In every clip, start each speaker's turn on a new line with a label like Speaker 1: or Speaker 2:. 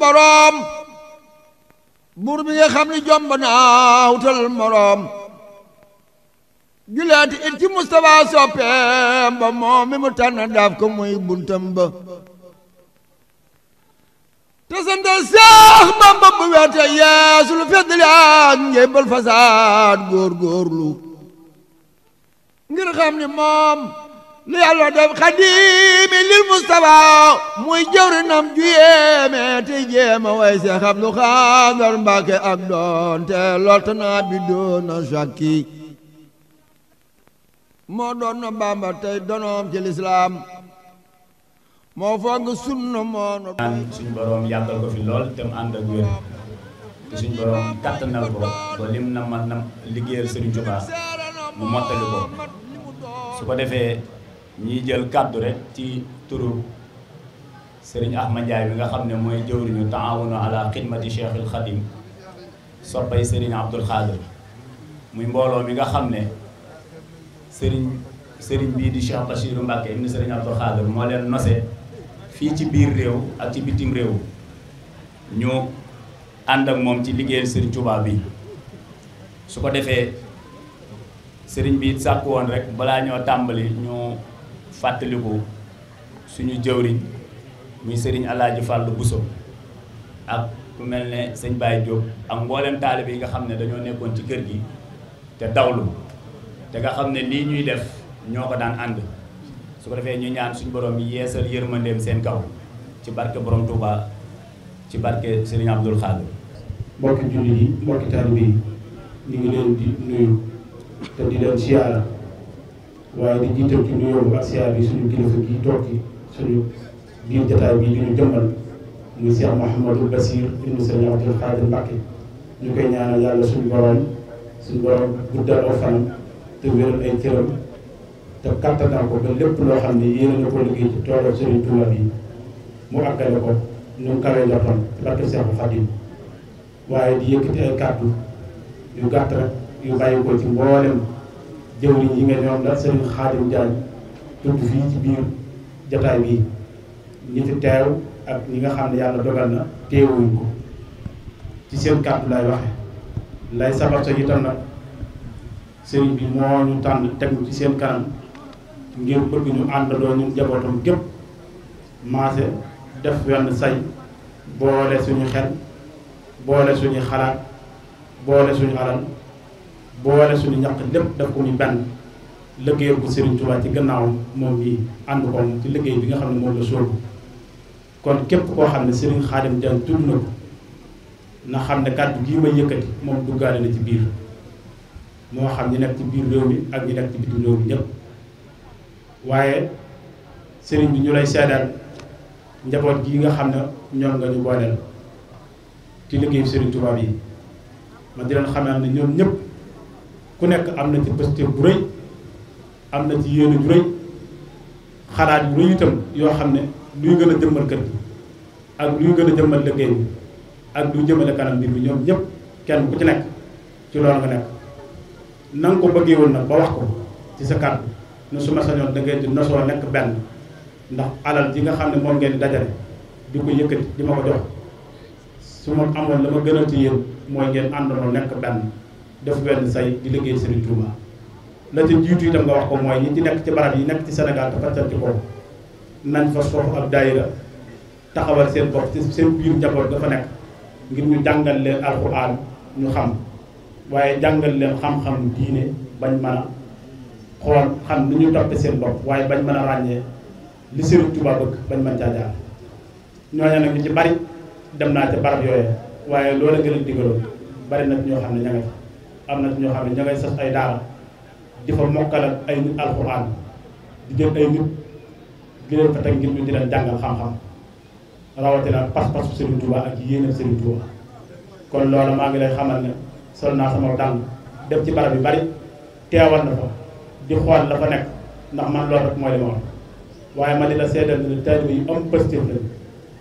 Speaker 1: boroom buur nga xam ni jomb naa wutal moroom juleeti it ci Mustafa soppeem ba moom mi mu tànn daaf ko muy buntam ba te sante Seex Bamba bu wete yeesu lu feddali ak njëbbal fasaad góor góorlu ngir xam ni moom lu yàlla def xadimi lil Mustafa muy jëwrinam ju yéeme te jéema way xam lu xaandar Mbàkke ak doonte lott naa bi doona sakki moo doon na tey donoom ci lislaam moo foog sunna moo no
Speaker 2: suñ boroom yàggal ko fi lool te mu ànd ak wér te suñ boroom kàttanal ko ba lim na man na liggéeyal Sëriñ Tuubaa mu mottali ko su ko defee ñuy jël kàddu rekk ci turu sëriñ Ahmad Ndiaye bi nga xam ne mooy jëwriñu taawunu ala xidmati Cheikhul Khadim soppay Serigne Abdoul Khadir muy mbooloo mi nga xam ne Serigne sëriñ bii di Cheikh Bachirou Mbacke ibn Serigne Abdoul Khadir moo leen nose fii ci biir réew ak ci bitim réew ñu ànd ak moom ci liggéeyal Serigne Touba bi su ko defee sëriñ bi it woon rek balaa ñoo tàmbali ñu. fàttaliku suñu jëwriñ muy sëriñ Alaaji Fàllu Buso ak ku mel ne sëñ Baye Diop ak mboolem taalibe yi nga xam ne dañoo nekkoon ci kër gi te dawlu te nga xam ne lii ñuy def ñoo ko daan ànd su ko defee ñu ñaan suñu borom yeesal yërmandeem seen kaw ci barke borom Touba ci barke sëriñ Abdoul Khadr mbokki jullit yi mbokki taalibe yi ñu ngi leen di nuyu te di leen
Speaker 3: siyaara waaye di jiital ci nuyoo bi ak siyaar bi suñu kilifa gi toog ci suñu biir jataay bi ñu jëmmal muy Cheikh Mouhamadou Bassir ibnu Serigne Abdoul Khadir Mbacké ñu koy ñaanal yàlla suñu borom suñu borom guddal aw fanam te wéral ay cëram te kattanal ko ba lépp loo xam ne yéene na ko liggéey ci toolal Serigne Touba bi mu àggale ko nu mu kawee njortoon ci barke Cheikh Khadim waaye di yëkkati ay kàddu yu gàtt yu bàyyi ko ci mboolem. jëwriñ yi ngeen ñoom la Serigne Khadim Diagne tudd fii ci biir jataay bii ñi fi teew ak ñi nga xam ne yàlla dogal na teewuñ ko ci seen kàddu lay waxe lay sabab sa itam nag sëriñ bi moo ñu tànn teg ci seen kanam ngir bëgg ñu àndandoo ñun jabootam gépp maase def wenn say boole suñu xel boole suñu xalaat boole suñu alal boo boole suñu ñaq lépp def ko muy benn liggéeyal ko Serigne ci gannaaw moom yi ànd ko ci liggéey bi nga xam ne moom la sóobu kon képp koo xam ne sëriñ Khadim Diagne tudd na ko na xam ne kàddu gii may yëkkati na ci biir moo xam ñi nekk ci biir réew mi ak ñi ci bitim réew waaye Serigne bi ñu lay seedal njaboot gi nga xam ne ñoom nga ñu booleel ci liggéeyu Serigne Touba yi ma di leen xamal ne ñoom ñëpp. ku nekk am na ci pëstéef bu rëy am na ci yéene ju rëy xalaat yu rëy itam yoo xam ne luy gën a jëmmal kër gi ak luy gën a jëmmal liggéey bi ak luy jëmale kanam bi ñoom ñëpp kenn bu ci nekk ci loolu nga nekk na nga ko bëggee woon nag ba wax ko ci sa kàddu ne su ma sañoon da ngeen di nosoo nekk benn ndax alal ji nga xam ne moom ngeen di dajale di ko yëkkati di ma ko jox su ma amoon la ma gënal ci yéen mooy ngeen ànd àndandoo nekk benn def benn say di liggéey Serigne Touba la ca jiitu itam nga wax ko mooy ñi ci nekk ci barab yi nekk ci Sénégal te fàttali ci kaw nañ fa sox ak daayira taxawal seen bopp ci seen biir njaboot dafa nekk ngir ñu jàngal leen alxuraan ñu xam waaye jàngal leen xam-xam diine bañ mën a xool xam ni ñu toppee seen bopp waaye bañ mën a ràññee li Serigne Touba bëgg bañ mën caa jaar ñooñu nag ñu ci bari dem naa ca barab yooyu waaye loola gën a digaloon bari nag ñoo xam am na ñoo xam ne ña ngay sas ay daara di fa mokkal ak ay nit alxuraan di jël ay nit di leen fa teg ngir ñu di leen jàngal xam-xam rawatina pas-pasu Serigne Touba ak yéenam Serigne Touba kon loolu maa ngi lay xamal ne sol naa sama dàll dem ci barab yu bari teewal na fa di xool la nekk ndax man loolu rek mooy li ma wax waaye ma di la seedal ne taalibe yu am positif lañ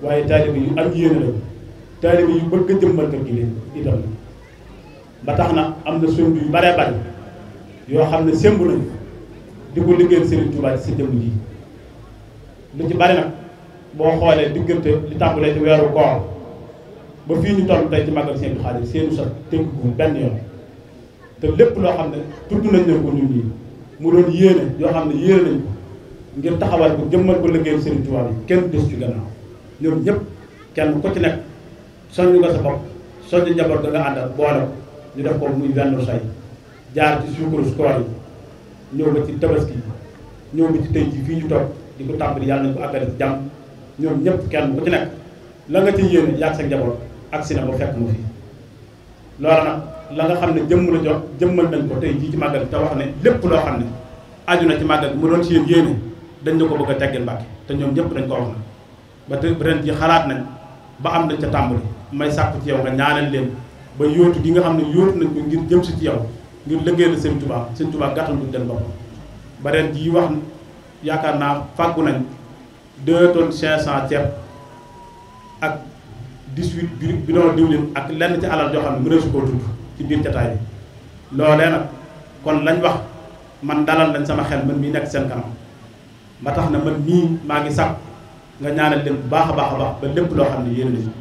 Speaker 3: waaye taalibe yu am yéene lañ taalibe yu bëgg jëmmal kër gi leen itam ba tax na am na sumb yu bare bari yoo xam ne sémb nañu di ko liggéeyal Serigne Touba ci jëmm ji lu ci bari nag boo xoolee diggante li tàmbalee ci weeru koor ba fii ñu toll tey ci màggal seen xaalis seenu sax tënk ko benn yoon te lépp loo xam ne tudd nañ ne ko ñun ñii mu doon yéene yoo xam ne yéene nañ ko ngir taxawal ko jëmmal ko liggéeyal Serigne Touba bi kenn des ci gannaaw ñoom ñëpp kenn ku ci nekk soññ nga sa bopp soññ njaboot da nga àndal ñu def ko muy vendor say jaar ci suukaru koor yi ñëw ba ci tabaski ñëw ba ci tey ji fii ñu toog di ko tàmbali yàlla nañ ko àggale ci jàmm ñoom ñëpp kenn ku ci nekk la nga ci yéen yàgg sa njaboot ak na ba fekk mu fii loola nag la nga xam ne jëmm la jox jëmmal nañ ko tey jii ci màggat màggal te wax ne lépp loo xam ne aju na ci màggal mu doon ci yéen yéene dañ la ko bëgg a teggeel mbàkke te ñoom ñëpp dañ ko wax na ba te ren ji xalaat nañ ba am dañ ca tàmbali may sàkku ci yow nga ñaanal ba yóotu gi nga xam ne yóotu nañ ko ngir jëm si ci yow ngir liggéey la sëñ Tuubaa sëñ Tuubaa gàttal duñ den bopp ba ren jii wax yaakaar naa fàggu nañ deux tonnes cinq cent ceeb ak dix-huit bi bidon diwlin ak lenn ci alal ne xam ne mëneesu koo tudd ci biir jataay bi loolee nag kon lañ wax man dalal lañ sama xel man mi nekk seen kanam ba tax na man mii maa ngi sàkk nga ñaanal leen bu baax a baax a baax ba lépp loo xam ne yéen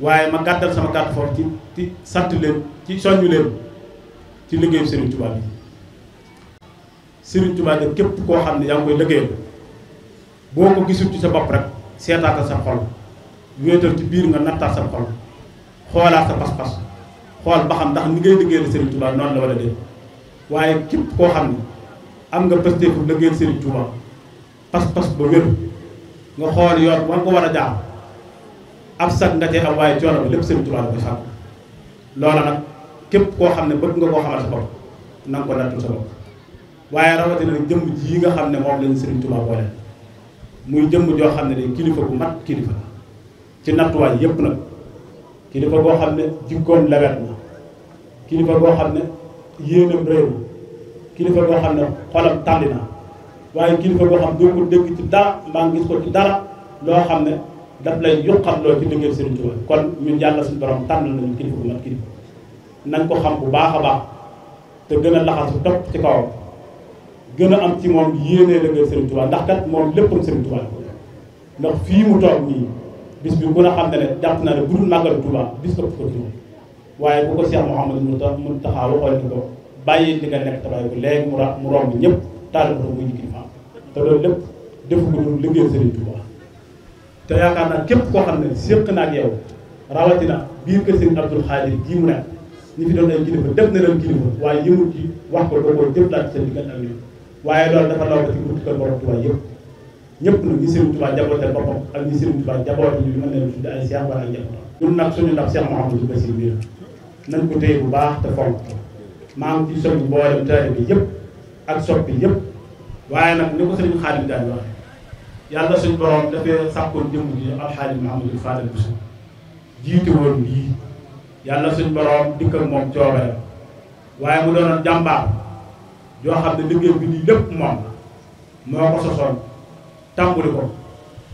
Speaker 3: waaye ma gàddal sama gàtt foofu ci ci sant leen ci soññu leen ci liggéeyu Serigne Touba bi Serigne Touba de képp koo xam ne yaa ngi koy liggéeyal boo ko gisul ci sa bopp rek seetaatal sa xol wéetal ci biir nga nattaat sa xol xoolaat sa pas-pas xool ba xam ndax ni ngay liggéeyal Serigne Touba noonu la wala déet waaye képp koo xam ne am nga pëstéefu liggéeyal Serigne Touba pas-pas ba wér nga xool yoon war nga war a jaar. ab sag nga cee am waaye coono bi lépp sëriñ Tuubaa la koy sàkk loola nag képp koo xam ne bëgg nga koo xamal sa bopp na nga ko nattul sa bopp waaye rawatina nag jëmm ji nga xam ne moom lañu sëriñ Tuubaa boole muy jëmm joo xam ne day kilifa bu mat kilifa ci nattuwaay yépp nag kilifa boo xam ne jikkoom lewet na kilifa boo xam ne yéenam réew na kilifa boo xam ne xolam tàlli na waaye kilifa boo xam doo ko dégg ci dara mbaa gis ko ci dara loo xam ne daf lay yuqatloo ci liggéey Serigne Touba kon ñun yàlla suñu borom tànnal nañu kilifa bu mat kilifa nañ ko xam bu baax a baax te gën a laxasu topp ci kawam gën a am ci moom yéenee liggéey Serigne Touba ndax kat moom léppam Serigne Touba ndax fii mu toog nii bis bi gën a xam ne ne jàpp naa ne bu dul màggal Touba bis ko ko ci waaye bu ko Cheikh Mouhamadou mu tax mu taxaw waxoon ko bàyyi li nga nekk tabaay bu léegi mu ra mu romb ñëpp taal ko te loolu lépp defu ko dul te yaakaar naa képp koo xam ne séq naa ak yow rawatina biir kër sëñ Abdul Xaadir ji mu nekk ñi fi doon ay na leen kilifa waaye yëmul ci wax ko doo ak ñoom waaye loolu dafa ñëpp nag ñi sëñ Tuubaa jabooteel boppam ak ñi sëñ Tuubaa jabooteel ñu mën leen tudde ay seex wala ay njaboot ñun nag suñu ndax Seex Mouhamadou ko téye bu baax te fonk maa ngi ci soññ mboolem taalibe bi yëpp ak bi yëpp waaye nag ni ko sëñ Xaadim daan wax yàlla suñ borom dafay sàkkoon jëmm ji alxaaji Mahamadul Fadal Bousso jiitu woon lii yàlla suñ borom dikk ak moom coobare waaye mu doonoon jàmbaar yoo xam ne liggéey bi nii lépp moom moo ko sosoon tàmbali ko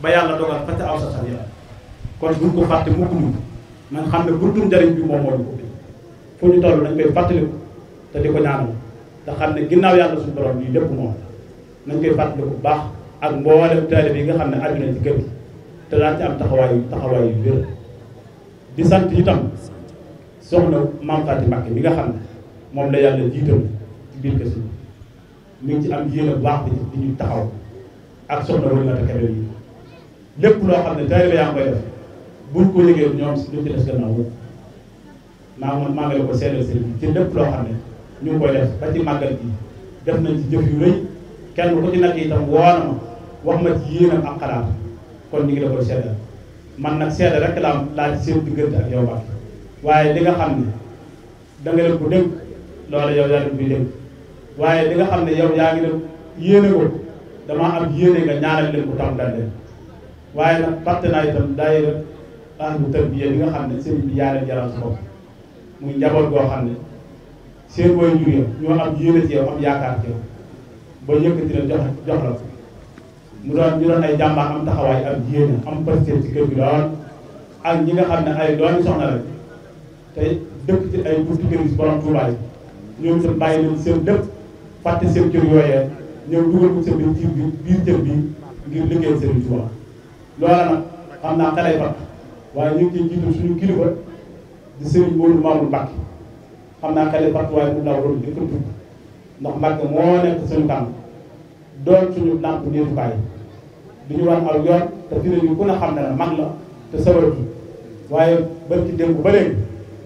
Speaker 3: ba yàlla dogal fa ca aw sa sar kon buñ ko fàtte mukk ñu man xam ne buntu njariñ bi moom moo ñu fu ñu toll dañ koy fàttaliku te di ko ñaanal te xam ne ginnaaw yàlla suñu borom lii lépp moom nañ koy fàttaliku bu baax ak mboolem taalib yi nga xam ne àgg nañ ci kër te daan ci am taxawaayu taxawaayu wér di sant itam na maam Faati Mbàkke mi nga xam ne moom la yàlla jiital ci biir kër si ngi ci am yéene bu baax ñu taxaw ak soxna wëñ mata kebe yi lépp loo xam ne taalib yaa ngi koy def ko yëgee ñoom si ñu ci des gannaaw maa man ko seedal sëriñ ci lépp loo xam ne ñu ngi koy def ba ci màggal gi def nañ ci jëf yu rëy kenn ku ci nekk itam woona ma wax ma ci yéenam ak xalaat kon ñu ngi la koy seddal man nag seddal rek laa laa ci seen diggante ak yow ba waaye li nga xam ne da nga def ko dégg loola yow yaa waaye li nga xam ne yow yaa ngi def yéene ko damaa am yéene nga ñaanal leen ko tam dande waaye nag parte naa itam daayira ahlu tarbiya bi nga xam ne sëriñ bi yaa leen jaral sa xam ne seen way jur ñoo am yéene ci yow am yaakaar mu doon ñu doon ay jàmbaar am taxawaay am yéene am pastéef ci kër gi lool ak ñi nga xam ne ay doomi soxna rek te dëkk ci ay buntu kër yi borom Tuubaa yi ñoom itam bàyyi leen seen biir jiw bi biir jël bi ngir liggéeyal Sëriñ Tuubaa loola nag xam naa xelay fàtt waaye ñu ngi ciy jiitu suñu kilifa di Sëriñ Moodu Maamul Mbàkke xam naa xelay fàtt waaye mu laa waroon jëkk tudd ndax Mbàkke moo nekk suñu kanam doon suñu làmp neetukaay du ñu war aw yoon te dina ñu gën a xam ne la mag la te sababu waaye barki démb ba léegi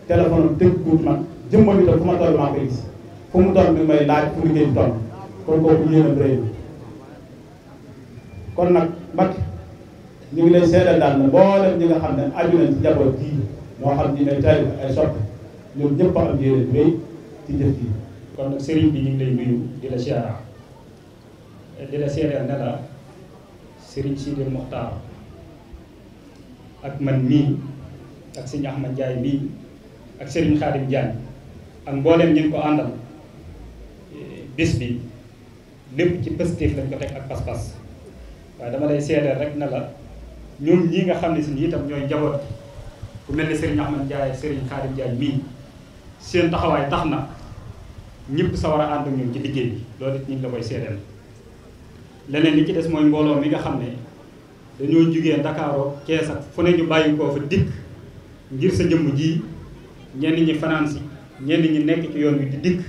Speaker 3: téléphone am dégg guut man jëmmal bi te fu ma toll maa koy gis fu mu toll bi may laaj fu liggéey bi toll kon kooku yéen a réew kon nag Mbacke ñu ngi lay seedal daal ne mboolem ñi nga xam ne aju nañ ci njaboot ji moo xam ñi ne tari ay
Speaker 4: soppe ñoom ñëpp a am yéene réy ci jëf ji kon nag sëriñ bi ñu ngi lay di la siyaara di la Serigne Sidil Mokhtar ak man mii ak sëñ Ahmad Ndiaye mii ak Serigne Khadim Diagne ak mboolem ñu ko àndal eh, bis bi lépp ci positif lañ ko teg ak pas-pas waaye dama lay seedeel rek na la ñoom ñii nga xam ne si itam ñooy njaboot ku mel ne Serigne Ahmad Ndiaye Serigne Khadim Diagne seen taxawaay tax na ñépp sa war a ànd ak ñoom ci liggéey bi loolu it ñu la koy seedeel. leneen li ci des mooy mbooloo mi nga xam ne dañoo jugee Ndakaaroo Cees ak fu ne ñu bàyyi koo fa dikk ngir sa jëmm ji ñenn ñi fanaan si ñenn ñi nekk ci yoon wi di dikk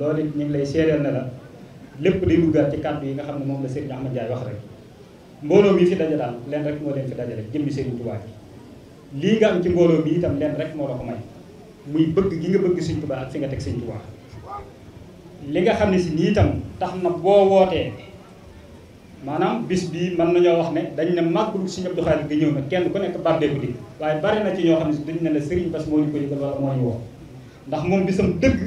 Speaker 4: loolu it ñu ngi lay seedeel na la lépp day duggaat ci kàddu yi nga xam ne moom la Serigne Ahmad Ndiaye wax rek mbooloo mi fi daje daal leen rek moo leen fi dajale jëmmi Serigne Touba bi lii nga am ci mbooloo mi itam leen rek moo la ko may muy bëgg gi nga bëgg Serigne Touba ak fi nga teg Serigne Touba li nga xam ne si nii tax na boo wootee maanaam bis bii mën nañoo wax ne dañ ne màggalu Sëriñ Abdou Khadre nga ñëw na kenn ku nekk bàbbee ko waaye bari na ci ñoo xam ne dañ ne la Serigne Bass moo ñu ko yëgal wala moo ñu woo ndax moom bisam dëgg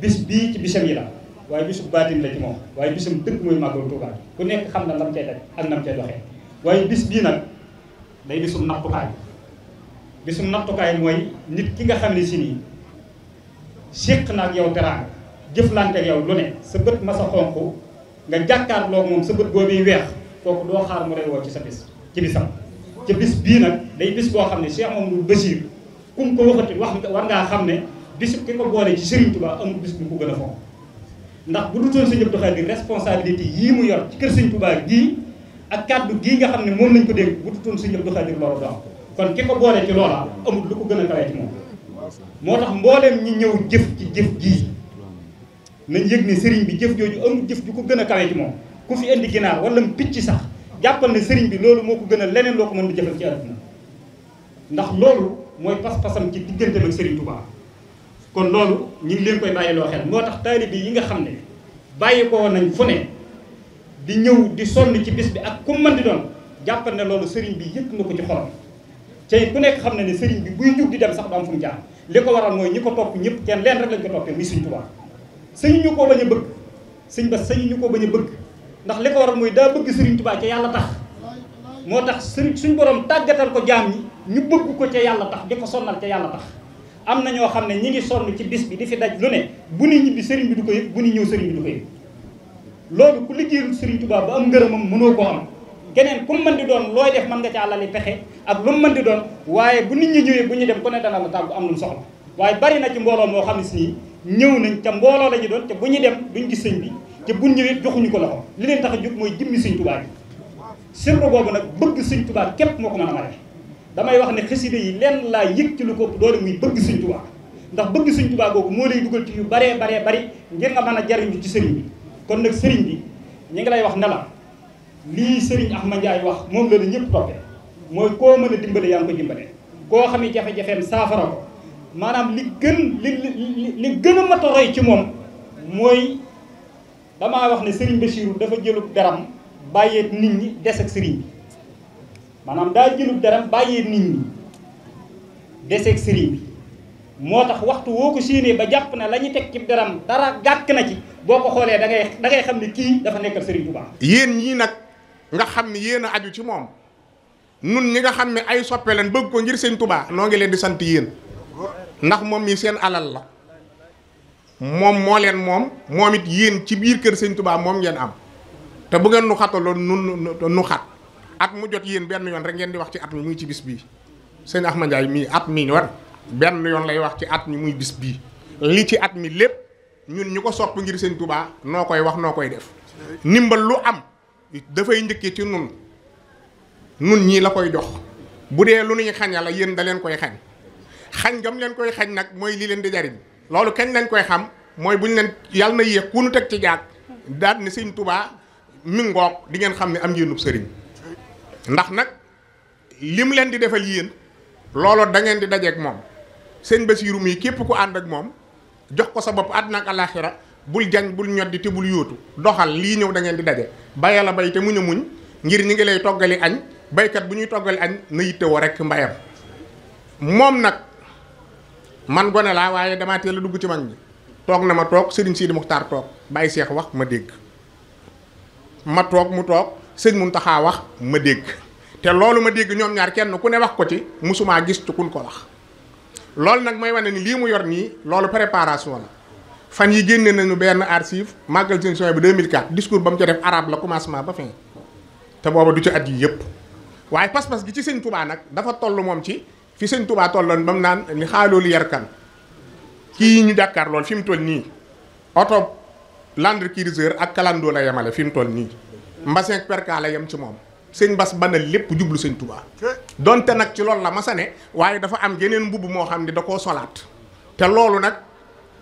Speaker 4: bis bii ci bisam yi la waaye bisu baatin la ci moom waaye bisam dëgg mooy màggalu Touba ku nekk xam na lam cay daj ak nam cay doxee waaye bis bii nag day bisum nattukaay bisum nattukaay mooy nit ki nga xam ne si nii siq na ak yow teraanga jëflante yow lu ne sa bët ma sa xonq nga jàkkaarloog moom sa bët boobu weex kooku doo xaar mu lay woo ci sa bis ci bisam ci bis bii nag day bis boo xam ne Cheikh Mamadou Bachir kum ko waxati wax war ngaa xam ne bisu ki ko boole ci Serigne Touba amul bis bu ko gën a fonk ndax bu dutoon Serigne Abdou Khadre responsabilité yii mu yor ci kër Serigne Touba gii ak kàddu gii nga xam ne moom nañ ko dégg bu dutoon Serigne Abdou Khadre loolu daam kon ki ko boole ci loola amul lu ko gën a kawee moom moo tax mbooleem ñi ñëw jëf ci jëf gii nañ yëg ne sëriñ bi jëf jooju amul jëf ju ko gën a kawe ci moom ku fi indi ginaar wala picc sax jàppal ne sëriñ bi loolu moo ko gën a leneen loo ko mën di jëfal ci àdduna ndax loolu mooy pas-pasam ci digganteem ak sëriñ Touba kon loolu ñu ngi leen koy bàyyi loo xel moo tax taalibe yi nga xam ne bàyyi ko nañ fu di ñëw di sonn ci bis bi ak ku mën di doon jàppal ne loolu sëriñ bi yëg na ko ci xolam tey ku nekk xam ne ne sëriñ bi buy jug di dem sax du am fu mu jaar li ko waral mooy ñi ko topp ñëpp kenn leen rek lañ ko toppee muy Sëriñ Touba sëñ ñu koo bañ a bëgg sëñ ba sëñ ñu ko bañ a bëgg ndax li ko waral mooy daa bëgg Serigne Touba ca yàlla tax moo tax Serigne suñ borom tàggatal ko jaam ñi ñu bëgg ko ca yàlla tax di ko sonnal ca yàlla tax am na ñoo xam ne ñi ngi sonn ci bis bi di fi daj lu ne bu ni ñibbi sëriñ bi du ko yëg bu ni ñëw Serigne bi du ko yëg loolu ku liggéeyul Serigne Touba ba am ngërëmam mënoo ko am keneen ku mën di doon looy def mën nga ca àllali pexe ak lu mën di doon waaye bu nit ñi ñëwee bu ñu dem ku ne dana la tàggu am lu soxla bari na ci moo xam ne si ñëw nañ ca mbooloo lañu doon te bu ñu dem duñ gis sëñ bi te buñ ñëwee joxuñu ko loxo li leen tax a jóg mooy jëmmi sëñ Tuubaa ji sirru boobu nag bëgg sëñ tubaab képp moo ko mën a mare damay wax ne xasida yi lenn laa yëg ci lu ko doole muy bëgg sëñ Tuubaa ndax bëgg sëñ Tuubaa googu moo lay dugal ci yu baree baree bari ngir nga mën a jariñu ci sëriñ bi kon nag sëriñ bi ñu ngi lay wax ne la lii sëriñ ax Axma Njaay wax moom la la ñëpp toppee mooy koo mën a dimbale yaa ngi ko dimbale koo xam ne jafe saafara maanaam li gën li li li gën a mat roy ci moom mooy damaa wax ne Serigne Bassirou dafa jëlub daram bàyyeet nit ñi des ak bi maanaam daa jëlub daram bàyyeet nit ñi moo tax waxtu woo ko séenee ba jàpp na la ñu teg ci daram dara gàkk na ci boo ko
Speaker 5: xoolee da ngay da xam ne
Speaker 4: kii dafa nekkal Serigne Touba.
Speaker 5: yéen ñii nag nga xam ne yéen a aju ci moom nun ñi nga xam ne ay soppe leen bëgg ko ngir Serigne Touba noo ngi leen di sant yéen. ndax moom mii seen alal la moom moo leen moom moom it yéen ci biir kër sëñ Tuubaa moom ngeen am te bu ngeen nu xataloon nu nu xat at mu jot yéen benn yoon rek ngeen di wax ci at mi muy ci bis bii sëñ Axma Njaay mii at mi war benn yoon lay wax ci at mi muy bis bii li ci at mi lépp ñun ñu ko sopp ngir seen tubaa noo koy wax noo koy def ndimbal lu am dafay njëkkee ci nun nun ñii la koy jox bu dee lu ñuy xaña la yéen da leen koy xañ xañ gam leen koy xañ nag mooy lii leen di jariñ loolu kenn leen koy xam mooy buñ leen yàlla na yéeg ku nu teg ci jaag daal ni sëñ tubaa mi ngoog di ngeen xam ne am yéenub sëriñ ndax nag lim leen di defal yéen loolu da ngeen di dajeeg moom sëñ Basiiru mii képp ku ànd ak moom jox ko sa bopp àdduna ak alaaxira bul jañ bul ñoddi te yóotu doxal lii ñëw da di daje bayal la bay te muñ a muñ ngir ñu ngi lay toggali añ baykat bu ñuy toggali añ na yittewoo mbayam moom nag man gone laa waaye damaa teela a dugg ci mag bi toog na ma toog sëriñ Sidi Muxtaar toog bàyyi seex wax ma dégg ma toog mu toog sëñ Muntaxa wax ma dégg te loolu ma dégg ñoom ñaar kenn ku ne wax ko ci musumaa gis ci kun ko wax loolu nag may wane ni lii mu yor nii loolu préparation la fan yi génne nañu benn archive màggal seen soin bi 2004 discours ba mu ca def arabe la commencement ba fin te booba du ci at yi yëpp waaye pas-pas gi ci sëñ Tuubaa nag dafa toll moom ci fi sëñ Touba tolloon ba mu naan li xaaloolu yarkan kii ñu jàkkaar lool fi mu toll nii oto Land Cruiser ak kalandoo la yemale fi mu toll nii mbasin perka la yem ci moom sëñ Bas banal lépp jublu seen Touba donte nag ci loolu la masane waaye dafa am geneen mbubb moo xam ne da koo solaat te loolu nag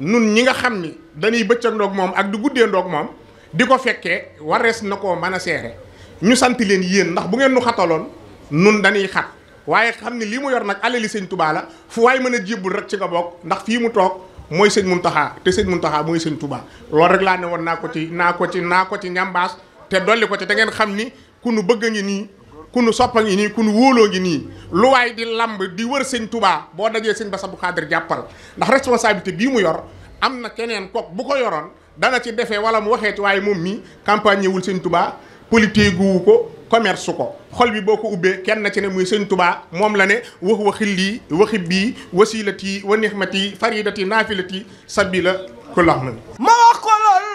Speaker 5: nun ñi nga xam ni dañuy bëccëg ndoog moom ak du guddee ndoog moom di ko fekkee warees na koo mën a seere ñu sant leen yéen ndax bu ngeen nu xataloon nun dañuy xat waaye xam ne lii mu yor nag alali seen tubaa la fu waay mën a jébbul rek ci nga bokk ndax fii mu toog mooy sëñ Muntaxa te sëñ Muntaxa mooy sëñ tubaa loolu rek laa ne woon naa ko ci naa ko ci naa ko ci ñambaas te dolli ko ci te ngeen xam ni ku nu bëgg a ngi nii ku nu soppa ngi nii ku nu wóoloo ngi nii lu waaye di lamb di wër sëñ tubaa boo dajee sëñ Bass Abdou Khadre jàppal ndax responsabilité bii mu yor am na keneen kook bu ko yoroon dana ci defee wala mu waxee ci waaye moom mii campagne wul sëñ tubaa politique wu ko commerce ko xol bi boo ko ubbee kenn na ci ne muy sëñ tubaa moom la ne wax waxi lii waxi bii wasilati wa nixmati faridati naafilati sabila ku lax na ma wax ko lool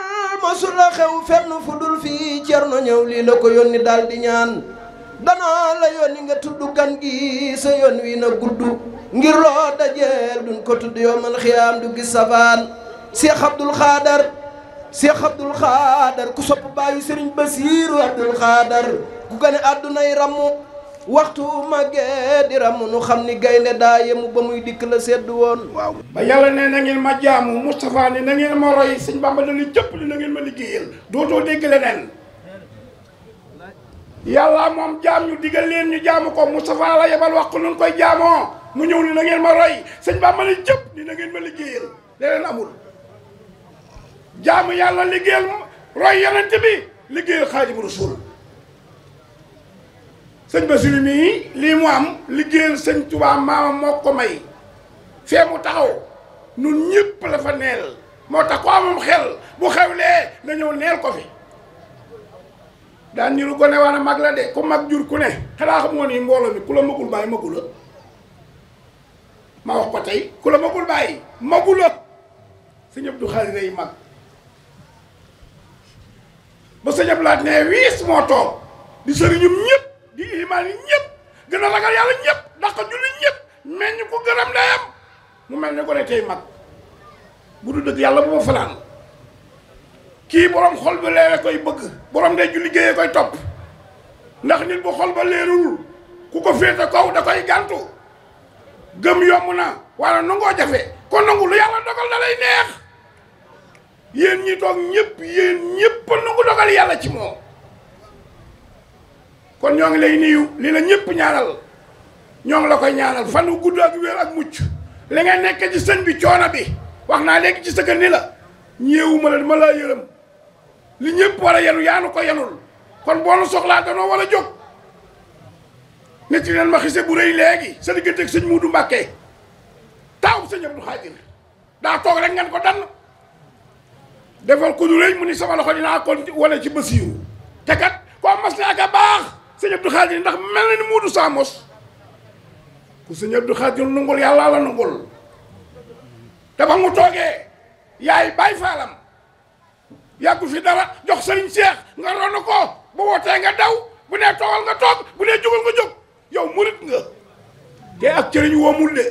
Speaker 5: mosula xew fenn fu dul fii cerno ñëw lii la ko yónni daal di ñaan
Speaker 6: danaa la yónni nga tudd gan gi sa yoon wi na gudd ngir loo dajeel duñ ko tudd yowmal xiyaam du gis safaan Cheikh Abdoul Khader Cheikh Abdoul Khader ku sopp baayu Serigne Bassirou Abdoul Khader ku àdduna àddunay rammu
Speaker 7: waxtu màggee di rammu nu xam ni gaynde daa yemu ba muy dikk la sedd woon waaw ba yàlla ne na ma jaamu Moustapha ne na ngeen ma roy sëñ Bamba na ngeen ma liggéeyal dootoo dégg leneen yàlla moom ñu digal leen ñu jaamu ko Moustapha la yebal wax ko nun koy jaamoo mu ñëw li na ngeen ma roy sëñ Bamba ne jëpp ni na ngeen ma liggéeyal leneen amul jaamu yàlla liggéeyal roy yonent bi liggéeyal Xaadimu Rasuul sëñ Basiru mii lii mu am liggéeyal sëñ Tuubaa maamam moo ko may fee mu taxaw nun ñëpp la fa neel moo tax ku amam xel bu xewlee na ñëw neel ko fi daan niru gone waan mag la de ku mag jur ku ne xanaa xamoo ni mbooloo mi ku la magul bàyyi magu ma wax ko tey ku la magul bàyyi magu la sëñ Abdu Xaadir mag ba sëñ Abdu Laat wiis moo toog di sëriñum ñëpp di ilimaan yi ñëpp gën a ragal yàlla ñëpp dàq julli ñëpp mais ñu ko gëram dayam mu mel ne gone tey mag bu du dëgg yàlla bu ma kii borom xol ba leere koy bëgg borom day ju liggéeyee koy topp ndax nit bu xol ba leerul ku ko féete kaw da koy gàntu gëm yomb na waaye nangoo jafe ko nangu lu yàlla dogal da lay neex yéen ñi toog ñëpp yéen ñëpp nangu dogal yàlla ci moom kon ñoo ngi lay nuyu li la ñëpp ñaanal ñoo ngi la koy ñaanal fan wu gudd ak wér ak mucc li nga nekk ci sëñ bi coono bi wax naa léegi ci sa kër ni la ñeewuma la ma laa yërëm li ñëpp war a yenu yaanu ko yenul kon boo nu soxlaa danoo war a jóg nit ñi ma xise bu rëy léegi sa diggante ak sëñ Muudu Mbàkke taaw sëñ Abdu Xaadir daa toog rek ngeen ko dann defal ko du rëy mu ni sama loxo dinaa ko wane ci Basiiru te kat koo mas ne ak a baax sëñ Abdou Khadir ndax mel na ni Moodu Samos ku sëñ Abdou Khadir nungul yàllaa la nungul te ba mu toogee yaay bàyyi faalam yàggu fi dara jox sëriñ Seex nga ronu ko bu wootee nga daw bu nee toogal nga toog bu nee jógal nga jóg yow murit nga te ak cëriñ woomul de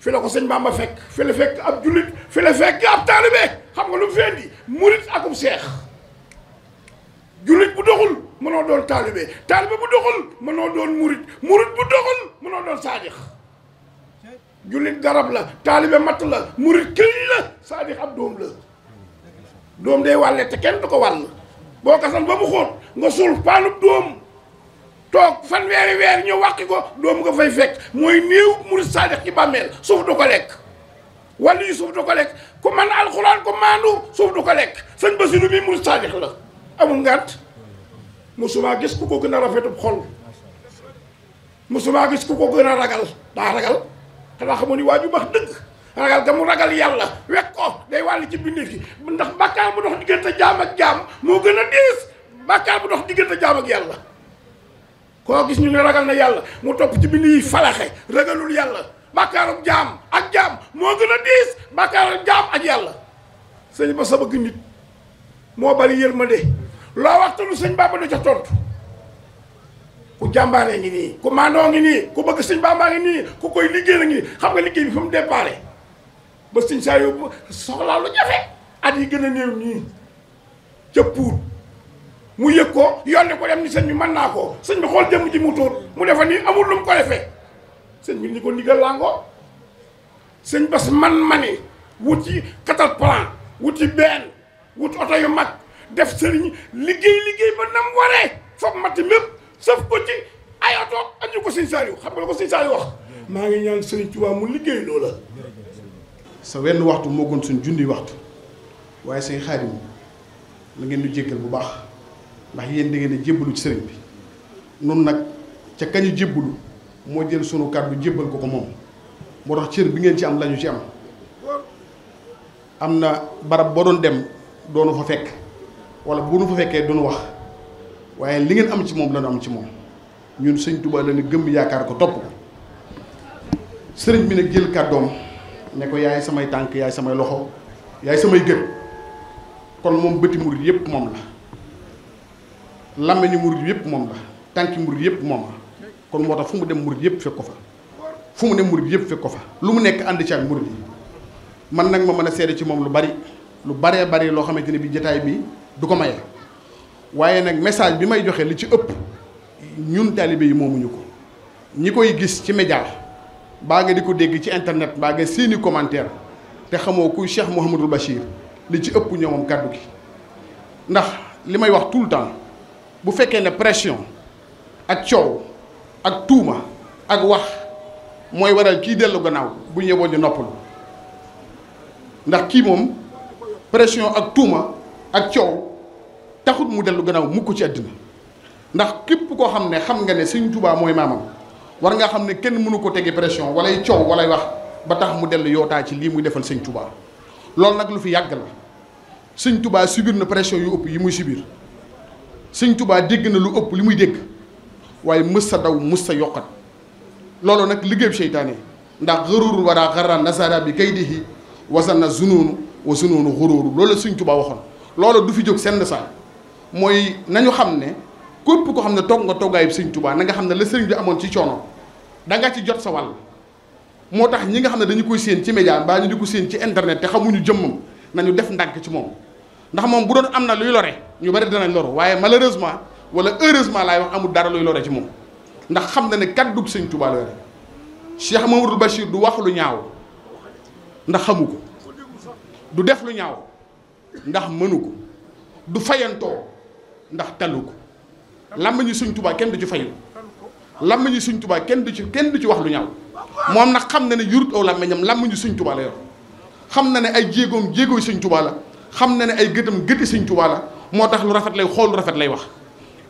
Speaker 7: fi la ko sëñ Bamba fekk fi la fekk ab jullit fi la fekk ab taalibe xam nga lu mu fendi murit akum seex jullit bu doxul mënoo doon taalibe taalibe bu doxul mënoo doon murit mënoo doon saadix jullit garab la taalibe matt la murit këy la saadix ab doom la doom day wàlle kenn du ko wàll boo kasan ba mu xóot nga suul paanub doom toog fanweeri weer ñëw wàqi ko doom nga fay fekk mooy néew murit saadix ci bàmmeel suuf du ko lekk wàllu yi suuf du ko lekk ku man alxuraan ko maandu suuf du ko lekk sëñ Basiru mi murit saadix la amul ngànt musuma gis ku ko gën a rafetub xol musuma gis ku ko gën a ragal daa ragal xanaa xamoon ni waa ju wax dëgg ragal ga mu ragal yàlla wekk ko day wàll ci bindéef gi ndax bàkkaar bu dox diggante jaam ak jaam moo gën a diis bàkkaar bu dox diggante jaam ak yàlla koo gis ñu ragal na yàlla mu ci bind yi falaxe ragalul yàlla bàkkaaram jaam ak jaam moo gën a diis bàkkaaram jaam ak sëñ ba sa bëgg nit moo bari yërmande loo waxtu lu sëñ Bamba du ca tontu ku jàmbaaree ngi nii ku maandoo ngi nii ku bëgg sëñ Bamba ngi nii ku koy liggéey la ngi xam nga liggéey bi fa mu déparé ba sëñ saa yóbbu soxlaa lu jafe at yi gën a néew nii ca puut mu yëg ko yónni ko dem ni sëñ bi mën naa ko sëñ bi xool jëmm ji mu tóor mu defa nii amul lu mu ko defee sëñ bi ni ko ndigal làngoo sëñ bas man mani wut ci katal plan wut ci benn wut oto yu mag def sëriñ liggéey liggéey ba nam waree foofu matti mépp sëf ko ci ay oto ko sëñ Saliou xam nga la ko wax maa ngi ñaan sëriñ Tuubaa mu liggéey
Speaker 2: loola
Speaker 6: sa wenn waxtu moo gën suñ junni waxtu waaye sëñ Xaadim la ngeen du jéggal bu baax ndax yéen di ngeen a jébbalu ci sëriñ bi noonu nag ca kañu jébbalu moo jël sunu kàddu jébbal ko ko moom moo tax cër bi ngeen ci am lañu ci am am na barab boo doon dem doonu fa fekk wala bu nu fa fekkee dunu wax waaye li ngeen am ci moom lañu am ci moom ñun sëñ Tuubaa lañu gëm yaakaar ko topp ko sëriñ bi nag jël kàddoom ne ko yaay samay tànk yaay samay loxo yaay samay gët kon moom bëti murit yëpp moom la làmmiñu murit yëpp moom la tànki murit yëpp moom la kon moo tax fu mu dem murit yëpp fekk ko fa fu mu dem murit yëpp fekk ko fa lu mu nekk ànd ci ak murit yi man nag ma mën a seede ci moom lu bari lu baree bari loo xamante ne bi jataay bi du ko maye waaye nag message bi may joxee li ci ëpp ñun taalibe yi moomuñu ko ñi koy gis ci média baa nga di ko dégg ci internet baa nga seeni commentaire te xamoo kuy Cheikh Mouhamadul Bachir li ci ëpp ñoomam kàddu gi ndax li may wax tout le temps bu fekkee ne pression ak coow ak tuuma ak wax mooy waral kii dellu gannaaw bu ñu yeboo ñu noppalu ndax kii moom pression ak tuuma ak coow taxut mu dellu gannaaw mukk ci àddina ndax képp koo xam ne xam nga ne sëñ tubaa mooy maamam war nga xam ne kenn mënu ko tege pression walay coow walay wax ba tax mu dellu yootaa ci lii muy defal sëñ Tuubaa loolu nag lu fi yàgg la sëñ Tuubaa subir na pression yu ëpp yi muy subir sëñ tubaa dégg na lu ëpp li muy dégg waaye mës sa daw mës sa yokkat loolu nag liggéeyu seytaane ndax xëruurul war aa xarra nasara bi kay dihi wasanna zunoonu wa zunoonu xëruuru loolu waxoon loola du fi jóg seen de sa mooy ñu xam ne képp ko xam ne toog nga toggaayu sëñ Tuubaa na nga xam ne la sëriñ bi amoon ci coono danga ci jot sa wàll moo tax ñi nga xam ne dañu koy séen ci média mbaa ñu di ko séen ci internet te xamuñu jëmmam nañu def ndànk ci moom ndax moom bu doon am na luy lore ñu bari danañ loru waaye malheureusement wala heureusement laay wax amul dara luy lore ci moom ndax xam na ne kàddu sëñ Tuubaa la yore Cheikh Mamadou Bachir du wax lu ñaaw ndax xamu ko du def lu ñaaw ndax mënu ko du fayantoo ndax talu ko làmb ñi suñ tubaa kenn du ci fayu làmb ñi suñu tubaa kenn du ci kenn du ci wax lu ñaaw moom nag xam na ne yurut aw làmmiñam làmb ñi suñ tubaa la yor xam na ne ay jéegoom jéegooy suñ tubaa la xam na ne ay gëtam gëti suñ tubaa la moo tax lu rafet lay xool lu rafet lay wax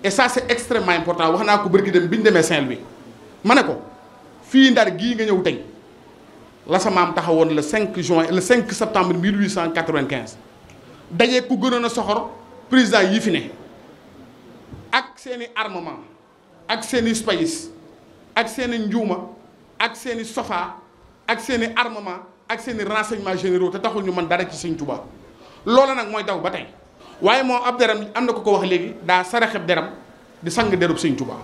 Speaker 6: et ça c'est extrêmement important wax naa ko bërki dem bi ñu demee Saint-Louis ma ne ko fii ndar gii nga ñëw tey la sa maam taxawoon le 5 juin le 5 septembre 1895 daje ku gënoon na soxor président yi fi ne ak seeni armement ak seeni spahis ak seeni njuuma ak seeni sofa ak seeni armement ak seeni renseignements généro te taxul ñu man dara ci Sëñ Tuubaa loola nag mooy daw ba tey waaye moom ab deram am na ko ko wax léegi daa saraxeb deram di sang derub Sëñ Tuubaa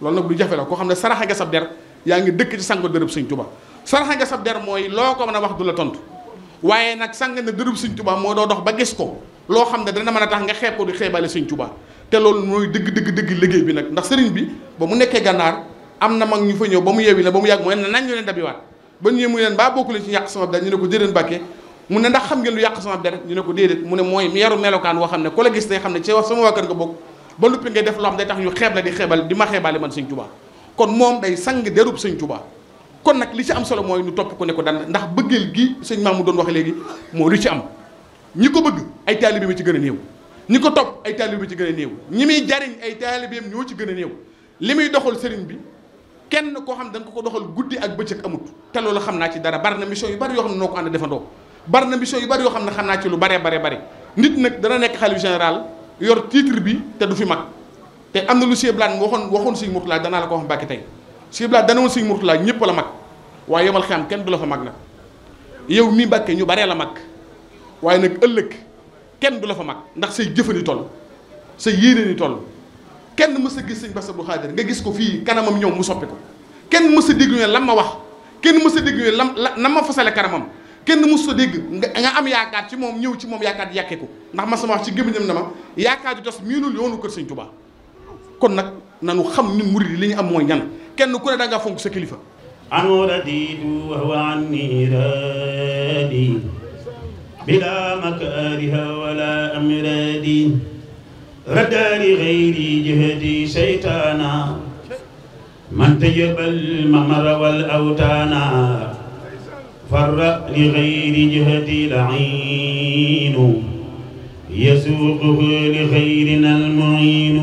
Speaker 6: loolu nag du jafe la koo xam ne saraxa nga sab der yaa ngi dëkk ci sang derub Sëñ Tuubaa saraxa nga sab der mooy loo ko mën a wax du la tontu. waaye nag sang na dërëb sëñ Tuubaa moo doo dox ba gis ko loo xam ne dana mën a tax nga xeeb ko di xeebale sëñ Tuubaa te loolu mooy dëgg dëgg dëgg liggéey bi nag ndax sëriñ bi ba mu nekkee gànnaar am na mag ñu fa ñëw ba mu yeewi la ba mu yàgg mooy ne nañ ñu leen dabiwaat ba ñu mu yàq sama dara ñu ne ko jëreen bàkke mu ne ndax xam ngeen lu yàq sama dara ñu ne ne mooy yaru melokaan woo xam ne ko la gis day xam ne ci wax sama waa kër nga bokk ba luppi ngay def loo xam day tax ñu xeeb la di xeebal di ma xeebale man sëñ Tuubaa kon moom day sang derub sëñ Tuubaa kon nag li ci am solo mooy ñu topp ko ne ko daan ndax bëggeel gi sëñ mu doon wax léegi moo li ci am ñi ko bëgg ay taalibe bi ci gën a néew ñi ko topp ay taalibe bi ci gën a néew ñi muy jariñ ay taalibeem ñoo ci gën a néew li muy doxal sëriñ bi kenn koo xam dañ ko ko doxal guddi ak bëccëg amut te loolu xam naa ci dara bari na mission yu bari yoo xam ne noo ko ànd defandoo na mission yu bari yoo xam ne xam naa ci lu baree baree bari nit nag dana nekk xalif général yor titre bi te du fi mag te am na lu sieblaan waxoon waxoon sëñ Murtala danaa la ko wax Mbàkke tey sëñ Bilal dana woon sëñ Murtala ñëpp la mag waaye yomal xam kenn du la fa mag nag yow mii Mbàkke ñu baree la mag waaye nag ëllëg kenn du la fa mag ndax say jëfani toll say yéene ni toll kenn mës a gis sëñ Bass Abdou Khadre nga gis ko fii kanamam ñëw mu soppi ko kenn mës a dégg ne ma wax kenn mës a dégg ne lam la ma fasale kanamam kenn mës a dégg nga am yaakaar ci moom ñëw ci moom yaakaar yàqee ko ndax ma sama wax ci gémmiñam na ma yaakaar ju tas miinul yoonu kër sëñ Tuubaa kon nag nanu xam ni murid li ñu am mooy ñan kenn ku ne da nga fonk sa kilifa anu raditu wa
Speaker 3: huwa anni radi bila makariha wala amradi radari gayri jihdi shaytana man tajabal mamara wal awtana فرق لغير جهتي لعين يسوقه لخيرنا المعين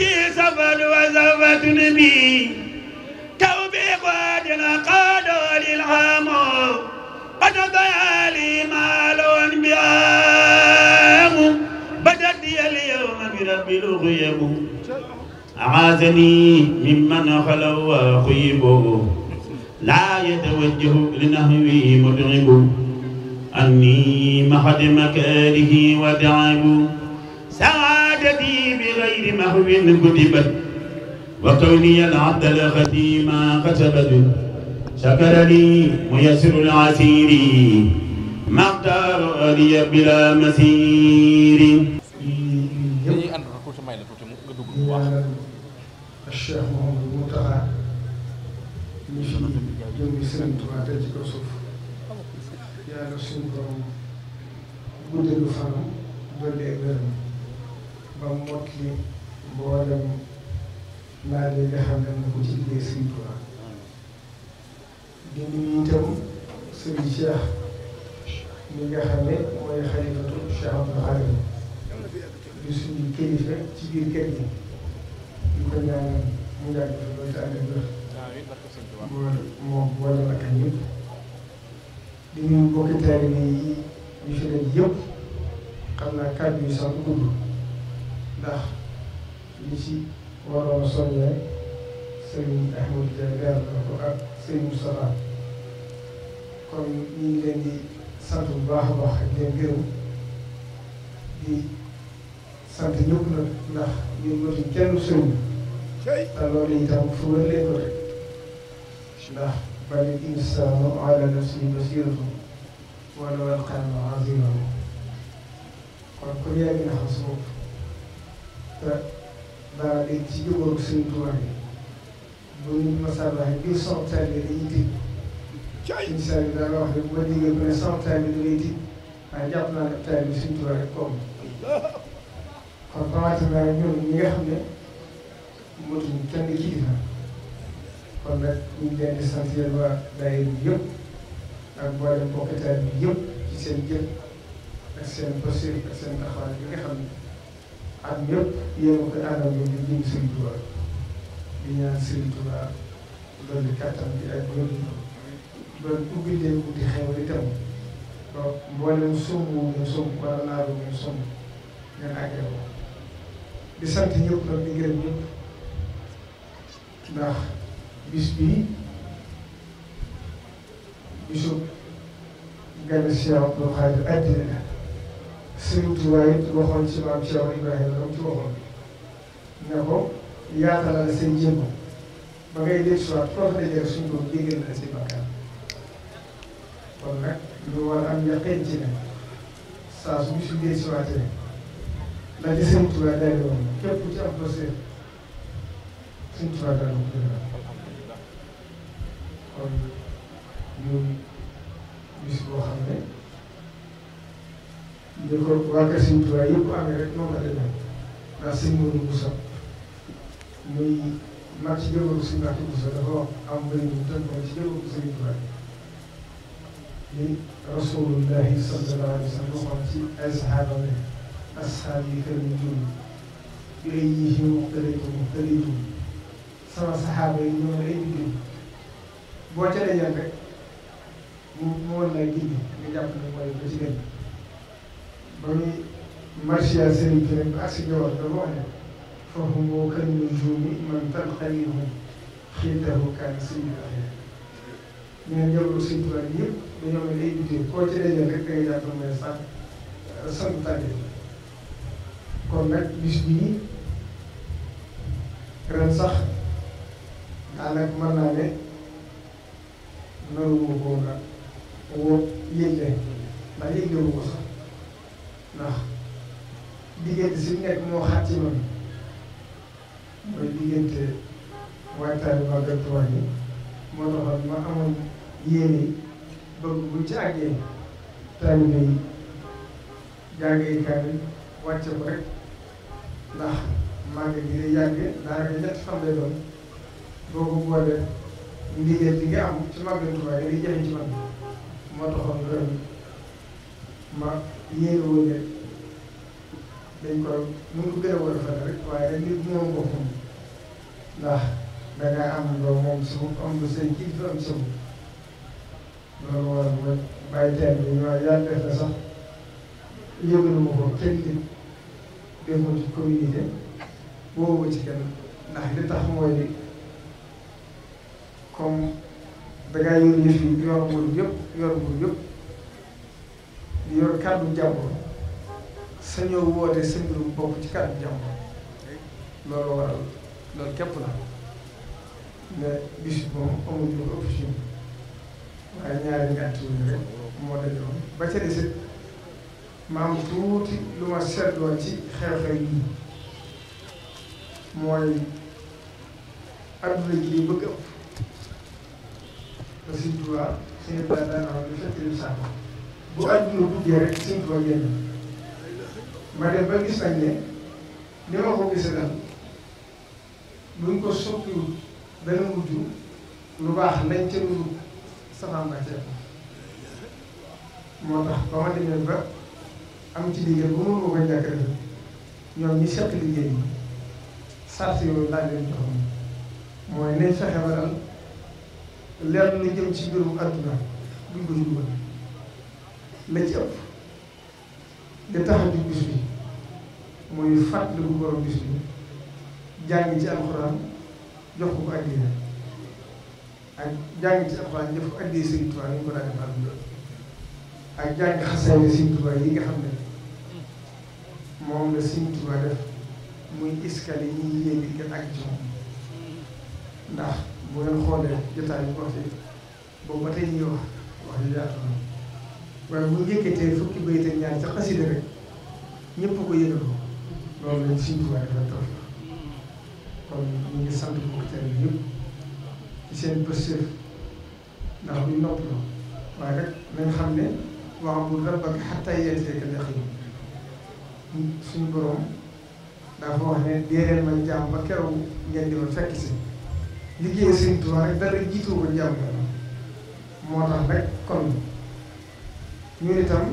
Speaker 7: التي سفت وسفت نبي توبيق وادنا
Speaker 3: قالوا للعام قد ضيع لي مال وانبياء بدت لي اليوم برب الغيم أعاذني ممن خلوا وخيبه لا يتوجه لنهوي مدعب أني محد مكاره ودعب سعى عادتي بغير محو كتبت وكوني العبد الخديم كتبت شكر لي ميسر العسير ما اختار لي بلا مسير
Speaker 1: الشيخ محمد المنتهى
Speaker 3: ñu fi jëm
Speaker 1: seen Tuubaa tey ci kaw suuf yàlla suñu borom guddalu fanam dolli ak wéram ba mot li mboolem laaj yi nga xam ne na ko ci biir Sëriñ Tuubaa di nuyu itam Sëriñ Cheikh mi nga xam ne mooy xalifatu Cheikh Abdou Khadim di suñu kilifa ci biir kër gi ñu ko ñaanal mu yàgg fa loolu te ànd ak wér moom wala nag ak ñëpp di nuyu mbokki taalibe yi ñu fi nekk yëpp xam naa kàddu yu sax gudd ndax li ci waroon soññee sëriñ Ahmad Dia leer na ko ak sëriñ Moustapha kon ñu ngi leen di sant bu baax a baax ak leen gërëm di sant ñëpp nag ndax ñun matuñ kenn sëriñ te loolu itam fu wër leen ko rek ndax bal insaanu ala nafsihi basiiratu walaw alqaa ma'aazirahu kon ku yàgg na xam sa bopp te dara day ci yóbbu suñu tubaab yi bu ñu masal waxee biir soxna Tade bi dañuy tiit suñu saa yi daal wax ne bu ma déggee bu ne soxna Tade bi dangay tiit waaye jàpp naa ne Tade bi suñu tubaab rek koom kon rawatina naa ñoom ñi nga xam ne motuñu kenn kilifa kon nag ñu ngi leen di sant yéen waa daayira bi yëpp ak mboolem mbokk Tade bi yëpp ci seen jëf ak seen posture ak seen taxawaay xam ne. ak yëpp yéen a ko àndal ñu ngi lim Serigne Touba di ñaan Serigne Touba dolli kattan bi ak loolu loolu ubbi leen ubbi xew li tam donc mboolem somb mu somb wala naaru mu somb ngeen àggale bis bii bisu gàncax gi doo xaaju àddina Sëriñ Tuubaa it waxoon ci maam Cheikh Ibrahima la mu ci waxoon ne ko yaatalal seen jëmm ba ngay dégg soit foo xam ne suñ ko jéggal na si bakkaar kon nag ñu war am yaqeen ci ne saa su ñu si dee si waatee la di Sëriñ Tuubaa daal woon képp ku ci am procès Sëriñ Tuubaa daal ko dëgg kon ñun bis boo xam ne. ñu ko waa kër Sëñ Tuubaa yëpp amee rek noonu la demee ndax sëñ Moodu Musa muy mag ci jabaru sëñ Mbàkke Musa dafa wax am benn bu tënkoon ci jabaru Sëñ Tuubaa ni rasulullahi sallallahu alayhi wa sallam waxoon ci ay saxaaba ne asxaab yi kër ñu jur ilay yi si muxtalaytu muxtalaytu sama saxaaba yi ñoo lay liggéey boo ca dajeel rek mu mu mën laa gindi nga jàpp ne mooy ba ci gën ba muy marsiyaa sëriñ bi nag ba agsi Gawar dafa wax ne foofu man talqanihu xiitahu kaana sayyida axir ñun ñëpp suñu tubaab yëpp dañoo mel ay butéel koo ci dajale rek dangay jàpp mooy sant sant tàgge kon nag bis bii ren sax daanaka mën yéene bëgg buñ ci àggee taalibe yi jàngee kaamil wàcce ko rek ndax màgg gi day yàgg daanaka ñetti fan lay doon boo ko boolee ndigal li nga am ci màggal Tuubaa yi day jëriñ ci man moo taxoon ren ma yéene woon rek dañ koy nu mu ko gën a war a fane rek waaye nag nit moom boppam ndax da ngaa am loo moom sa bopp am lu seen kii am sa bopp loolu war mooy bàyyi teen bi ñoo yàlla def na sax yëgalu ma ko kenn nit defoo ci communauté boobu ci kenn ndax li tax mooy ni comme dangaa yor yëf yi yor mburu yëpp yor mburu yëpp di yor kàddu jàmbur sañoo woote sa mbirum bokk ci kàddu jàmbur loolu waral loolu képp la mais bis moom amul lu ëpp waaye ñaari at ba ca des it ma am tuuti lu ma seetloo ci mooy adduna ji bëgg ëpp te Sëñ Tuubaa suñu plan daan am lu fekk lu sàmm bu adduna buggee rek Sëñ Tuubaa génn ba gis nañ ne ni ma ko gisee daal buñ ko soppiwul dana mujj lu baax lañ ca lu sama mbaa ci moo tax ba ma demee ba am ci liggéey bu mu ko ñàkk def ñoom ñi seq liggéey bi sart yooyu laa leen joxoon mooy nañ fexe ba na jëm ci mbirum adduna buñ ko dugal la ci ëpp li tax a bis bi mooy fàttaliku borom bis bi ci alxuraan jox ko ko addiya ak jàng ci alxuraan def ko addee Sëriñ Tuubaa ni ñu ko daan defal bu doon ak jàng xasee Sëriñ Tuubaa yi nga xam ne moom la Sëriñ Tuubaa def muy escalier yi yéeg di gën ak ci moom ndax bu ngeen xoolee jotaay bi wax dëgg boobu ba tey ñuy wax wax dëgg yàlla moom waaye bu ñu yëkkatee fukki bayit ak ñaar ca xasida rek ñëpp ko yëgaloo loolu lañ Sëriñ Tuubaa defal tool kon ñu ngi sant bu seen pëstéef ndax buñ nopp la waaye rek nañ xam ne wa'bud rabbaka hattaa ya'tiyakal yaqiin suñu borom dafa wax ne dee leen jàmm ba keroog ngeen di fekk si liggéey Sëriñ Tuubaa rek dara jiitu ko jàmm moo tax rek kon ñun itam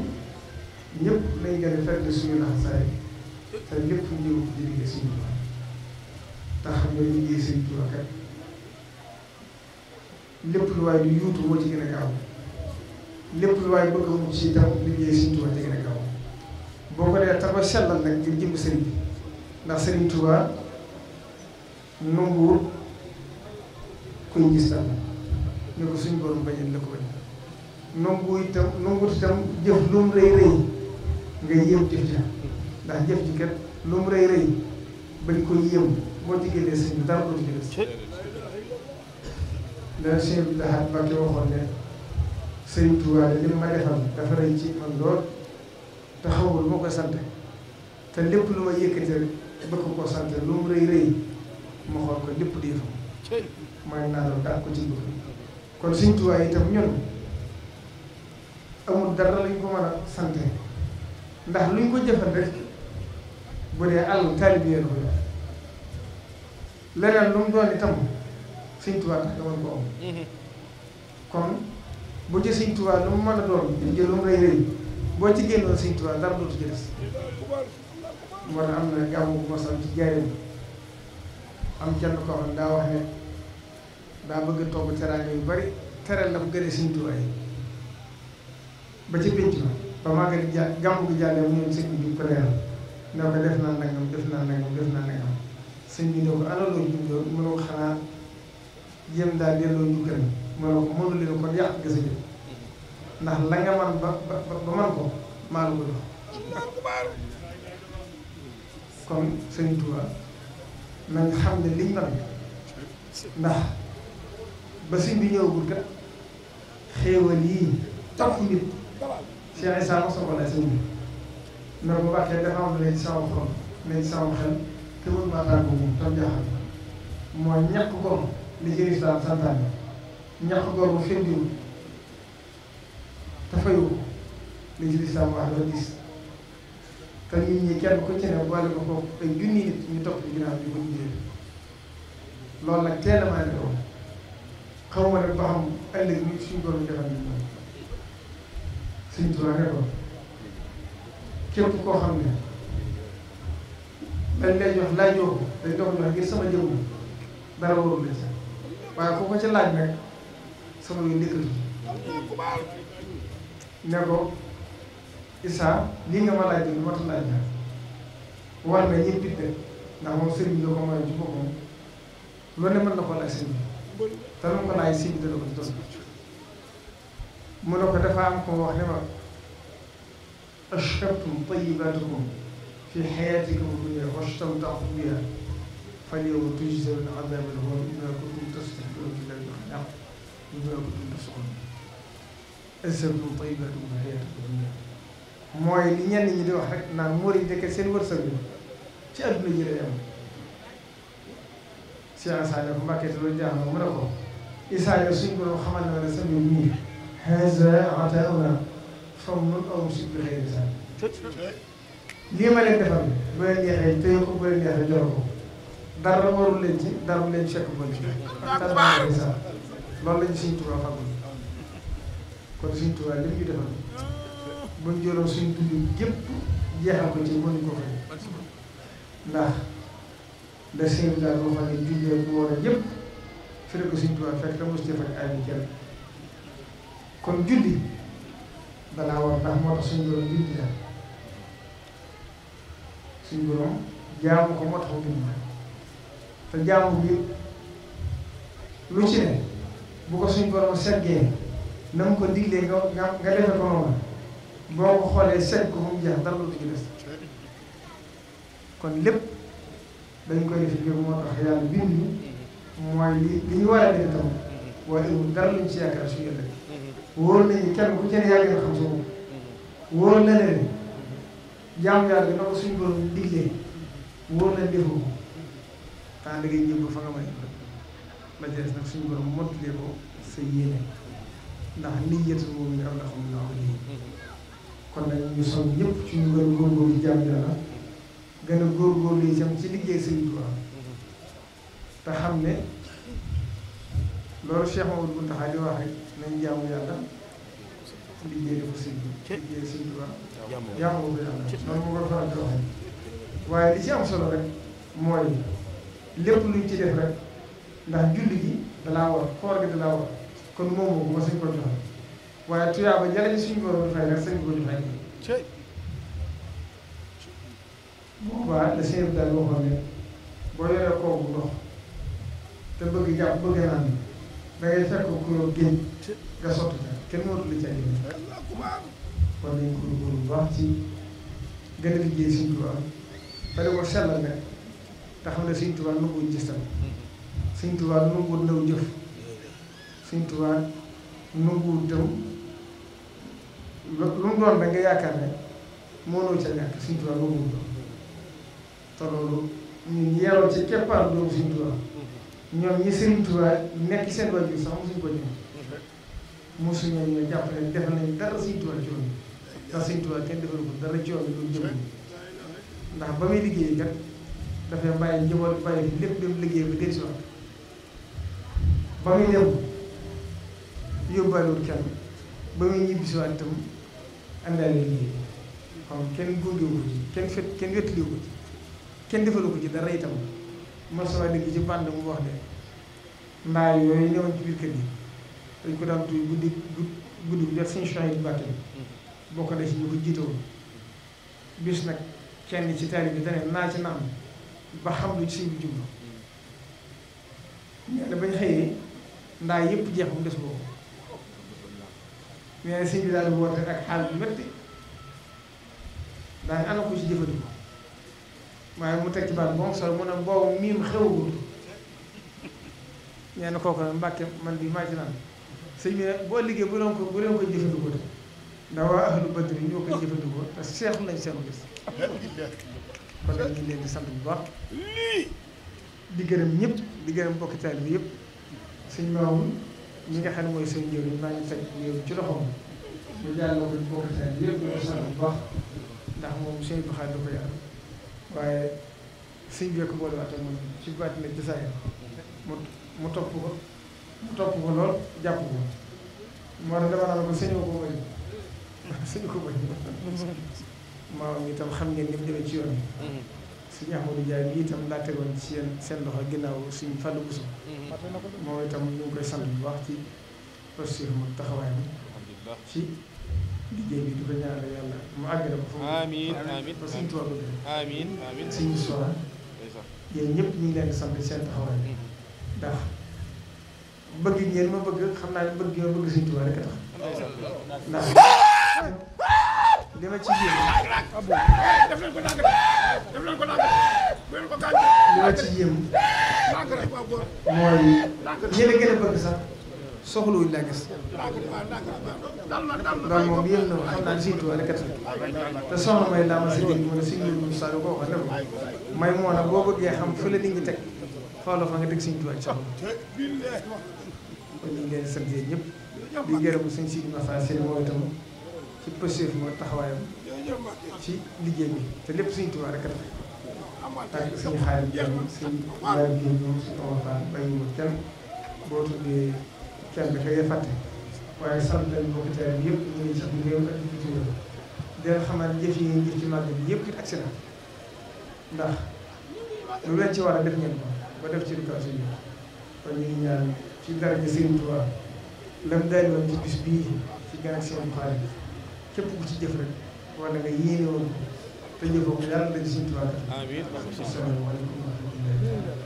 Speaker 1: ñëpp lañ gën a fedd suñu laxasaay te lépp ñëw di liggéey Sëriñ Tuubaa te xam ne liggéey Sëriñ Tuubaa kat lépp lu waay di yuutu moo ci gën a gaaw lépp lu waay bëgg a mucc si liggéey Sëriñ Tuubaa ci gën a gaaw boo ko dee tax ba sellal nag ngir jëm sëriñ bi ndax Sëriñ Tuubaa nanguwul kuñ gis daal ko suñu la ko bañ nangu itam nangu jëf lu mu rëy rëy nga yéem jëf ja ndax jëf ji lu mu rëy rëy bañ ko yéem boo ci génnee sëriñ bi dara dootu la Sëriñ Lahad Mbacké waxoon ne Sëriñ Tuubaa li ma defal dafa rëy ci man lool te xawul ma ko sant te lépp lu ma yëkkati rek bëgg koo sant lu mu rëy rëy ma xool ko lépp di fa may naanal daal ko ci bëgg kon Sëriñ Tuubaa itam ñun amul dara luñ ko mën a sant ndax luñ ko jëfal rek bu dee àll taalibe ko leneen lu mu doon itam sëñ Tuubaa tax nga mën ko am. Mhm. kon bu ci sëñ Tuubaa lu mu mën a doon liggéey lu rëy boo ci génnoon sëñ Tuubaa dara dootu ci des. moo tax am na gàmmu bu ma sant ci jaareen am kenn koo xam daa wax ne daa bëgg togg teraanga yu bari teral la mu gënee sëñ Tuubaa yi ba ci pénc ma ba maa ngi ja gàmmu gi jàllee mu ñëw sëñ bi ko leeral ne ko def naa nangam def naa nangam def naa nangam sëñ bi ne ko ana loolu jublu mënoo xanaa. yéen daal delloo ñu gën a mën a leen kon yàq gis ndax la man ba ba man ko maa la kon sëñ Tuuba nañ xam ne liñ man ndax ba sëñ bi ñëwagul kat xéewal yii topp nit Cheikh Issa ma soxla la sëñ bi ndax bu baaxee dafa am ne ci sama xol ne xel te maa tàggoo moom tam jaaxal mooy ñàkk ko li ci lislaam santaane ñax góor bu fendiwul te fayu ko li ci lislaam wax la gis te nit ñi kenn ku ci ne boole ko ko ay junni nit ñu topp ci ginnaaw bi ko jëlee loolu nag teel a maa ngi doon xaw ma nag ba xam ëllëg ñu suñu borom defal ñu ko suñu tubaab ne ko képp koo xam ne dañ lay jox laajoo ko dañ doon jox ngir sama jëmm dara warul la sax. waaye ku ko ci laaj nag sama yu ndigal ne ko Issa lii nga ma laaj lu mat a laaj la war nga ñëpp it ndax moom sëriñ bi ko mooy ci boppam loolu ne mën na ko laaj sëriñ bi te mu ko laaj sëriñ bi dana ko ci tontu mu ne ko dafa am ko wax ne ma ashhabtum tayyibatukum fi hayatikum dunya washtamta'tum biha fal yawma tujzawna 'adhabal hun bima kuntum tasna'un ësëblu tayyibatu bi hayaati dunya mooy li ñenn ñi di wax rek naan muur yi dëkk seen wërsëg bi ci àdduna ji lay am Cheikh Issa ne ko Mbàkke te loolu jaaxal mu ne ko Issa yow suñ borom xamal na ne ma leen defal bu leen neexee téye ko bu leen neexee joxe ko leen ci dara leen fekk bon ci dara loolu lañu Sëriñ Tuubaa fàggul kon Sëriñ Tuubaa li mu ñu defal buñ jëloon suñu dund gépp jeexal ko ci mënuñ ko fay ndax da seen daal boo xam ne jullee bu war a yëpp fi ko Sëriñ Tuubaa fekk te mos ci fekk ay mu kenn kon julli danaa war ndax moo tax suñu borom julli la suñu borom jaamu ko moo tax mu bind te jaamu bi lu ci ne bu ko suñ borom seggee na mu ko diglee nga nga nga defe ko noonu boo ko xoolee segg ko mu kon lépp dañ koy def ngir moo tax yàlla bind ñu mooy li li ñu war a def tam waaye amul dara luñ ci yaakaar suñu ëllëg wóor nañu kenn ku ci ne yàgg nga xam na leen jàmm yàlla na ko suñu borom defoo ko daa da ngay fa nga may la ca des nag suñu borom mottalee ko sa yéene ndax nii moom la am ndax moom la am lii kon nag ñu soog ci ñu gën a góorgóorlu jàmm yàlla gën a góorgóorlu liggéey Sëriñ Tuubaa te xam ne loolu Cheikh Mamadou Mountakha di wax rek noonu ma ko faral di waxee waaye li ci am solo rek mooy lépp luñ ci def rek. ndax julli gi dalaa war koor gi dalaa war kon moom moom moo suñ ko joxal waaye tuyaaba jëlee suñ ko doon fay rek sañ ko doon fay. bu baax la seen daal waxoon ne boo yoree kooku ndox te bëgg jàpp bëgg naan da ngay fekk kuréel géej nga sotti ca kenn mënatu la ca génn kon nañ ko góor bu baax ci gën a liggéey suñ tubaab bari ko sellal nag te xam ne suñ tubaab nu ko gis tamit sëñ Tuubaa nanguwul ndaw jëf sëñ Tuubaa nanguwul itam lu mu doon da nga yaakaar ne mënoo ca ñàkk sëñ Tuubaa nanguwul doon te loolu ñun yaroo ci keppaar doomu sëñ Tuubaa ñoom ñi sëñ Tuubaa nekk seen wàllu sax mosuñ ko ñëw mosuñ ñoo ñëw jàpp ne def nañ dara sëñ Tuubaa coono ndax sëñ Tuubaa kenn defal ko dara coono lu jëm ndax ba muy liggéey kat dafay bàyyi njaboot bàyyi lépp dem liggéey ba déet si waat ba muy dem yóbbaale kenn ba muy ñibbisiwaat itam àndaale liggéey kon kenn góobewu ko ci kenn fet kenn wettaliwu ko ci kenn defalu ko ci dara itam man sama dégg ci bànd mu wax ne ndaa yooyu newoon ci biir kër gi dañ ko daan tuy guddi guddi bu jot suñu choix yi bàtte boo ko def ñu ko jiitoo bis nag kenn ci taali bi dane naa ci naam ba xam lu ci suñ bi jublu mais bañ xëyee ndaa yëpp jeex mu des boobu nee na sëñ bi daal di ak xaal bu métti daal ana ko ci jëfandikoo waaye mu teg ci baat boo mu sol mu ne boobu miim xewagul nee na kooku nag mbàkke man bi maa ci naan sëñ boo liggéey bu doon ko bu doon ko jëfandikoo de ndax waa ahlu badri ñoo te seexu nañ seen gis kon nag ñu leen di sant bu baax di gërëm ñëpp di gërëm bokki taalibe bi yëpp suñ maamu ñi nga xam ne mooy seen jëriñ maa ngi teg yow ci loxoom ñu jàll ko bokk moom sëñ bi waaye sëñ bi ko boole ci baat na mu mu topp ko mu topp ko lool jàpp ko moo ko sëñoo ko bëri sëñu ko bëri xam ngeen ni mu demee ci yoon bi mm-hmm. suñu Amadou Ndiaye bi itam laa tegoon ci seen seen loxo ginnaaw suñu fàllu busu moom itam ñu mu koy sant bu baax ci posture mu taxawaay bi ci liggéey bi di ko ñaanal yàlla mu àggale ko
Speaker 5: fa amiin amiin
Speaker 6: ba suñu tubaab bi amiin amiin suñu sora
Speaker 1: yéen ñëpp ñu ngi leen di seen taxawaay mm-hmm. ndax bëgg ngeen ma bëgg xam naa ne bëgg ngeen bëgg suñu tubaab rek a tax ndax li ma ci yéen
Speaker 7: def leen ko def leen ko
Speaker 1: moo ci yéem mooy yéen a gën a bëgg sax soxlawuñ laa gis loolu moom yéen na xam naa surtout wala kat te soxna mooy daa ma si dégg mu ne si ñun Moussa ko ne ko may moo nag boo bëggee xam fële nit ñi teg xoolal fa nga teg suñu tuwaay soxna kon si masa seen moom itam ci pësif moo taxawaayam ci liggéey bi te lépp suñu tuwaay rek a tànk suñu xaalis jeex na suñu laaj bi ñëw suñu waxtaan bàyyiwul kenn boo tuddee kenn yëpp ñu ngi sax di réew ak di tudd di leen xamal jëf yi ci màgg bi yëpp it accident ndax lu leen ci war a def ngeen ko ba def ci lu kaw suñu kon ñu ngi ñaan ci dara ji Sëriñ Tuubaa lam daal woon ci bis bii ci gànnaag seen xaalis képp ku ci jëf rek wala nga yéene te ñëw foofu yàlla nañ si tubaab. amiin asalaamaaleykum wa rahmatulah.